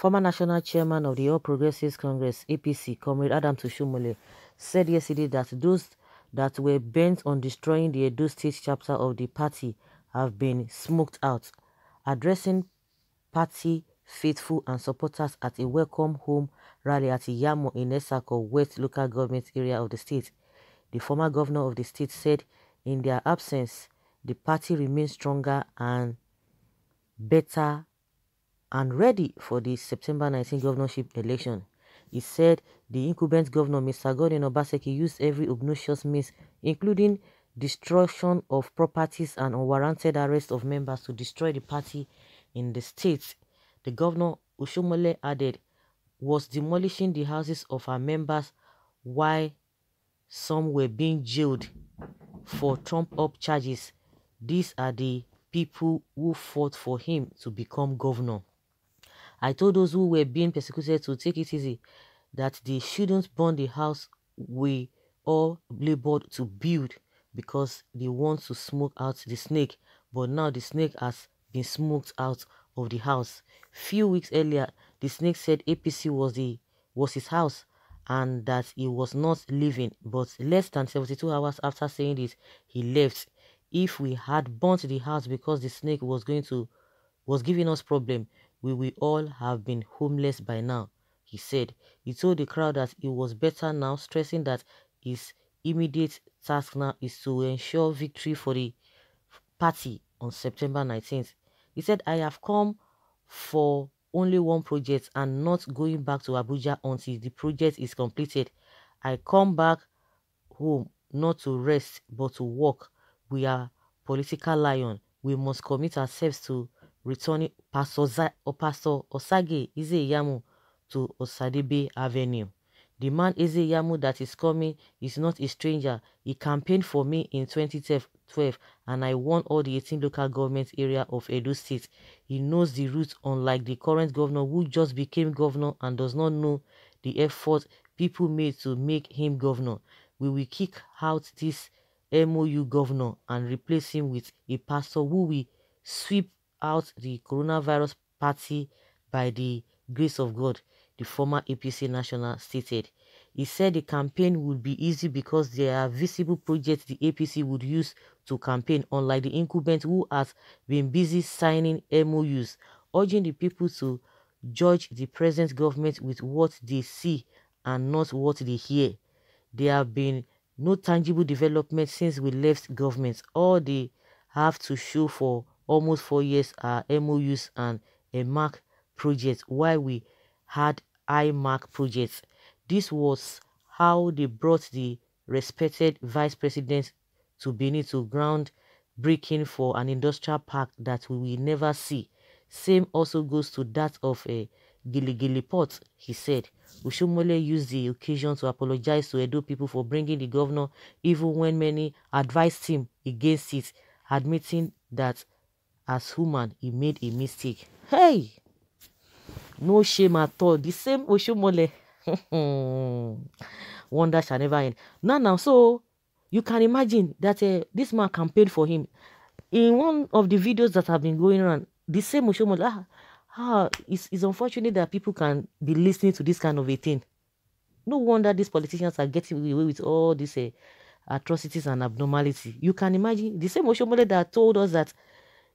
Former National Chairman of the All Progressives Congress, APC, Comrade Adam Tushumule, said yesterday that those that were bent on destroying the Edo State chapter of the party have been smoked out, addressing party faithful and supporters at a welcome home rally at Yamo in Esako West local government area of the state. The former governor of the state said in their absence, the party remains stronger and better and ready for the September 19 governorship election. He said the incumbent governor, Mr. Gordon Obaseki, used every obnoxious means, including destruction of properties and unwarranted arrest of members to destroy the party in the state. The governor, Ushomole, added, was demolishing the houses of her members while some were being jailed for trump-up charges. These are the people who fought for him to become governor. I told those who were being persecuted to take it easy, that they shouldn't burn the house we all labored to build because they want to smoke out the snake, but now the snake has been smoked out of the house. Few weeks earlier, the snake said APC was the was his house and that he was not leaving, but less than 72 hours after saying this, he left. If we had burnt the house because the snake was going to was giving us problem, we will all have been homeless by now, he said. He told the crowd that he was better now, stressing that his immediate task now is to ensure victory for the party on September 19th. He said, I have come for only one project and not going back to Abuja until the project is completed. I come back home not to rest but to work. We are political lion. We must commit ourselves to returning Pastor oh, Osage Yamu to Osadebe Avenue. The man Yamu that is coming is not a stranger. He campaigned for me in 2012 and I won all the 18 local government area of Edo State. He knows the route unlike the current governor who just became governor and does not know the effort people made to make him governor. We will kick out this MOU governor and replace him with a pastor who will sweep out the coronavirus party by the grace of God, the former APC national stated. He said the campaign would be easy because there are visible projects the APC would use to campaign, unlike the incumbent who has been busy signing MOUs, urging the people to judge the present government with what they see and not what they hear. There have been no tangible development since we left government. All they have to show for almost four years our uh, MOUs and a MAC project while we had IMAC projects. This was how they brought the respected vice president to Benin to ground breaking for an industrial park that we will never see. Same also goes to that of a Gili port, he said. Ushumole used the occasion to apologize to Edo people for bringing the governor even when many advised him against it, admitting that as human, he made a mistake. Hey! No shame at all. The same Oshomole. Wonder shall never end. Now, now, so you can imagine that uh, this man campaigned for him. In one of the videos that have been going around, the same Oshomole, ah, ah, it's, it's unfortunate that people can be listening to this kind of a thing. No wonder these politicians are getting away with all these uh, atrocities and abnormality. You can imagine the same Oshomole that told us that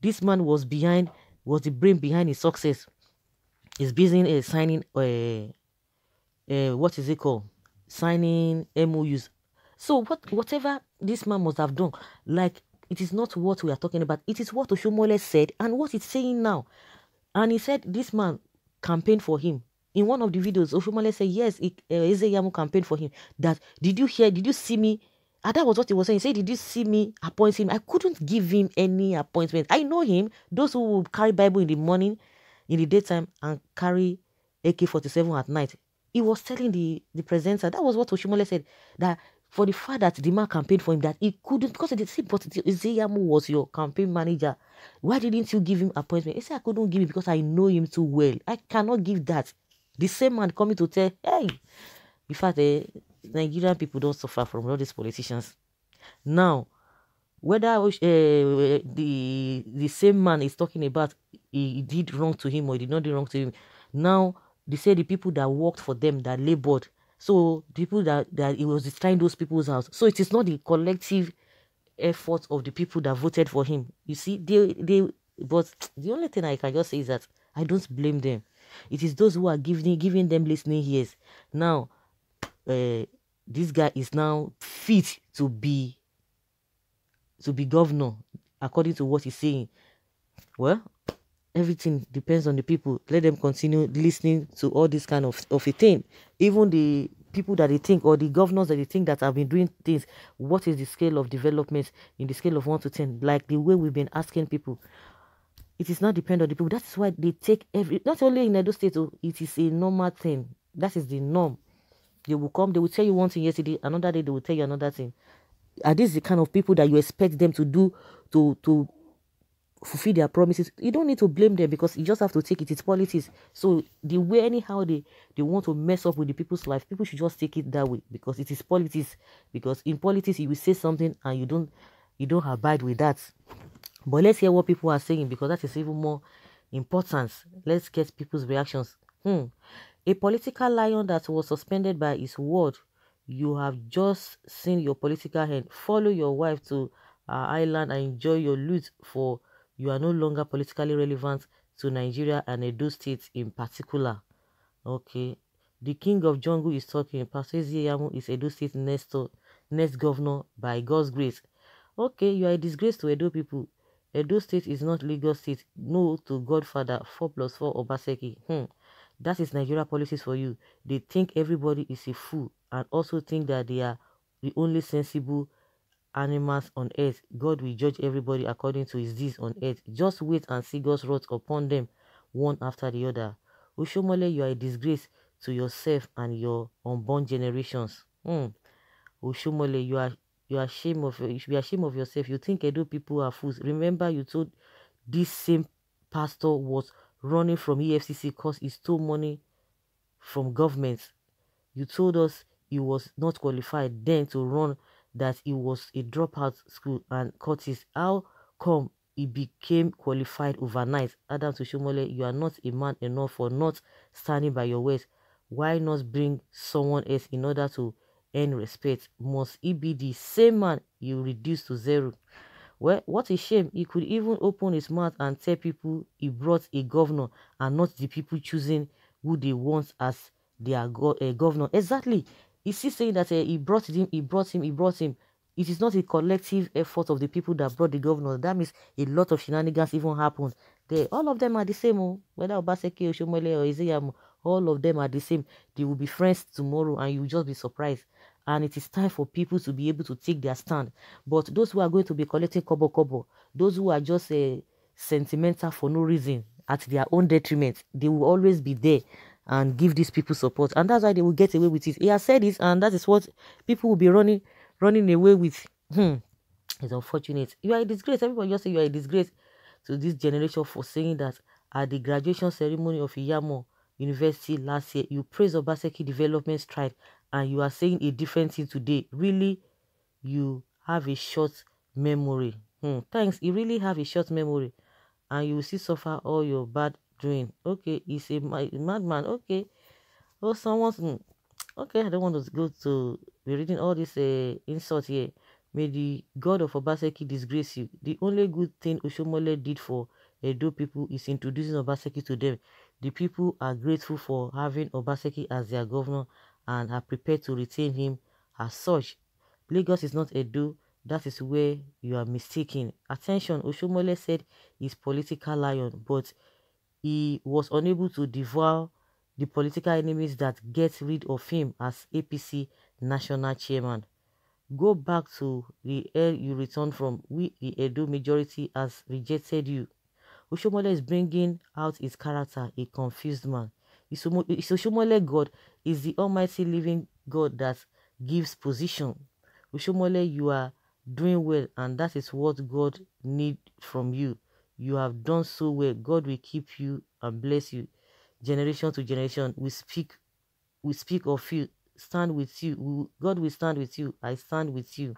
this man was behind, was the brain behind his success. He's busy uh, signing, uh, uh, what is it called? Signing MOUs. So what, whatever this man must have done, like it is not what we are talking about. It is what Oshomole said and what it's saying now. And he said this man campaigned for him. In one of the videos, Oshomole said, yes, it, uh, Ezeyamu campaigned for him. That, did you hear, did you see me and ah, that was what he was saying. He said, Did you see me appoint him? I couldn't give him any appointment. I know him, those who will carry Bible in the morning, in the daytime, and carry AK 47 at night. He was telling the, the presenter, that was what Oshimole said, that for the fact that the man campaigned for him, that he couldn't, because they said, but Zeyamu was your campaign manager. Why didn't you give him appointment? He said, I couldn't give him because I know him too well. I cannot give that. The same man coming to tell, hey, in fact, eh, Nigerian people don't suffer from all these politicians. Now, whether uh, the the same man is talking about he did wrong to him or he did not do wrong to him, now they say the people that worked for them that labored, so people that that it was destroying those people's house. So it is not the collective effort of the people that voted for him. You see, they they. But the only thing I can just say is that I don't blame them. It is those who are giving giving them listening ears. Now, uh, this guy is now fit to be to be governor according to what he's saying well everything depends on the people let them continue listening to all this kind of of a thing even the people that they think or the governors that they think that have been doing things what is the scale of development in the scale of 1 to 10 like the way we've been asking people it is not depend on the people that's why they take every not only in edo state oh, it is a normal thing that is the norm they will come, they will tell you one thing yesterday, another day they will tell you another thing. Are these the kind of people that you expect them to do to to fulfill their promises? You don't need to blame them because you just have to take it. It's politics. So the way anyhow they, they want to mess up with the people's life, people should just take it that way because it is politics. Because in politics you will say something and you don't you don't abide with that. But let's hear what people are saying because that is even more importance. Let's get people's reactions. Hmm. A political lion that was suspended by his word, you have just seen your political hand. Follow your wife to Ireland and enjoy your loot for you are no longer politically relevant to Nigeria and Edo State in particular. Okay. The king of jungle is talking. Pastor Ziyamu is Edo State next, to, next governor by God's grace. Okay, you are a disgrace to Edo people. Edo State is not legal state. No to Godfather 4 plus 4 Obaseki. Hmm. That is Nigeria policies for you. They think everybody is a fool and also think that they are the only sensible animals on earth. God will judge everybody according to his deeds on earth. Just wait and see God's wrath upon them, one after the other. Oshomole, you are a disgrace to yourself and your unborn generations. Hmm. you are you are ashamed of you should be ashamed of yourself. You think Edo people are fools. Remember, you told this same pastor was running from EFCC because he stole money from government. You told us he was not qualified then to run, that he was a dropout school and Curtis. How come he became qualified overnight? Adam Tushimole, you are not a man enough for not standing by your words. Why not bring someone else in order to earn respect? Must he be the same man you reduce to zero? Well, what a shame. He could even open his mouth and tell people he brought a governor and not the people choosing who they want as their go uh, governor. Exactly. He's he saying that uh, he brought him, he brought him, he brought him. It is not a collective effort of the people that brought the governor. That means a lot of shenanigans even happened. They, all of them are the same, oh. whether Obaseki, Oshomole, or Isiam, all of them are the same. They will be friends tomorrow and you'll just be surprised and it is time for people to be able to take their stand. But those who are going to be collecting kobo kobo, those who are just uh, sentimental for no reason at their own detriment, they will always be there and give these people support, and that's why they will get away with it. He has said this, and that is what people will be running running away with. Hmm. It's unfortunate. You are a disgrace. Everyone just say you are a disgrace to this generation for saying that at the graduation ceremony of Iyamo University last year, you praised Obaseki Development Stride and you are saying a different thing today really you have a short memory hmm. thanks you really have a short memory and you will still suffer all your bad doing okay he's a madman okay oh someone's hmm, okay i don't want to go to be reading all this uh, insult here may the god of obaseki disgrace you the only good thing oshomole did for edo people is introducing obaseki to them the people are grateful for having obaseki as their governor and are prepared to retain him as such. Lagos is not Edo, that is where you are mistaken. Attention, Oshomole said he's political lion, but he was unable to devour the political enemies that get rid of him as APC national chairman. Go back to the air you return from. We, the Edo majority, has rejected you. Oshomole is bringing out his character, a confused man. Isosomole God is the almighty living God that gives position. Osomole, you are doing well and that is what God need from you. You have done so well. God will keep you and bless you. Generation to generation, we speak, we speak of you, stand with you. God will stand with you. I stand with you.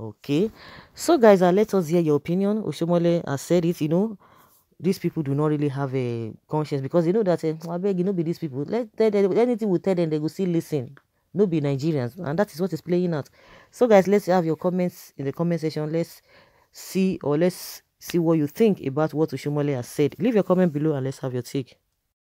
Okay. So guys, uh, let us hear your opinion. Oshomole has said it, you know these people do not really have a conscience because they know that eh, I beg you, no be these people. Let anything we tell them, they will still listen. No be Nigerians, and that is what is playing out. So, guys, let's have your comments in the comment section. Let's see or let's see what you think about what Ushumole has said. Leave your comment below and let's have your take.